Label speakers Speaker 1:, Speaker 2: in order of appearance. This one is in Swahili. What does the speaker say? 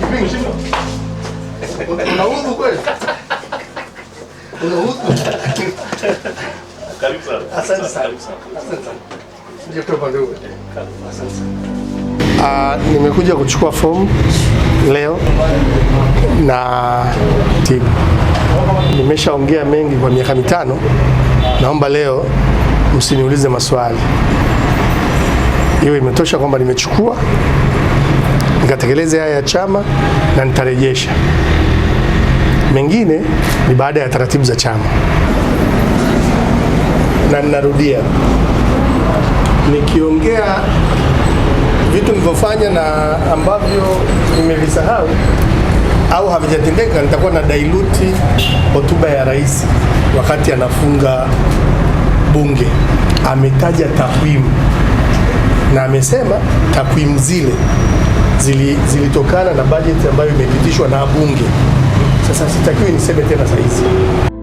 Speaker 1: kweli? Karibu sana. Asante sana. Uh, nimekuja kuchukua fomu leo na timu. Nimeshaongea mengi kwa miaka mitano, naomba leo msiniulize maswali, hiyo imetosha kwamba nimechukua nikatekeleze haya ya chama na nitarejesha. Mengine ni baada ya taratibu za chama. Na ninarudia nikiongea vitu nilivyofanya na ambavyo nimevisahau au havijatendeka, nitakuwa na dailuti hotuba ya rais wakati anafunga bunge. Ametaja takwimu na amesema takwimu zile zilitokana zili na bajeti ambayo imepitishwa na Bunge. Sasa sitakiwi niseme tena saa hizi.